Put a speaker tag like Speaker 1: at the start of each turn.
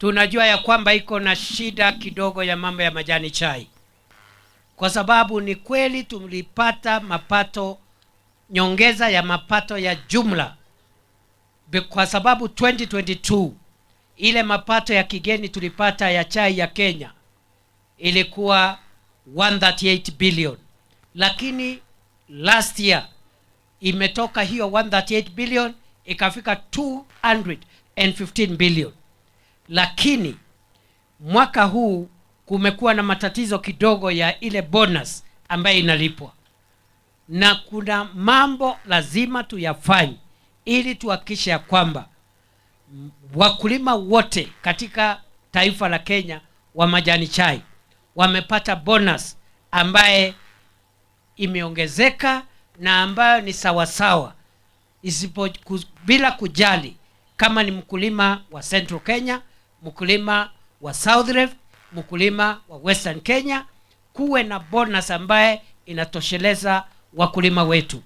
Speaker 1: tunajua ya kwamba iko na shida kidogo ya mambo ya majani chai, kwa sababu ni kweli tulipata mapato nyongeza ya mapato ya jumla kwa sababu 2022 ile mapato ya kigeni tulipata ya chai ya Kenya ilikuwa 138 billion, lakini last year imetoka hiyo 138 billion ikafika 215 billion lakini mwaka huu kumekuwa na matatizo kidogo ya ile bonus ambayo inalipwa, na kuna mambo lazima tuyafanye ili tuhakikishe ya kwamba wakulima wote katika taifa la Kenya wa majani chai wamepata bonus ambaye imeongezeka na ambayo ni sawasawa, isipo bila kujali kama ni mkulima wa Central Kenya mkulima wa South Rift, mkulima wa Western Kenya, kuwe na bonus ambaye inatosheleza wakulima wetu.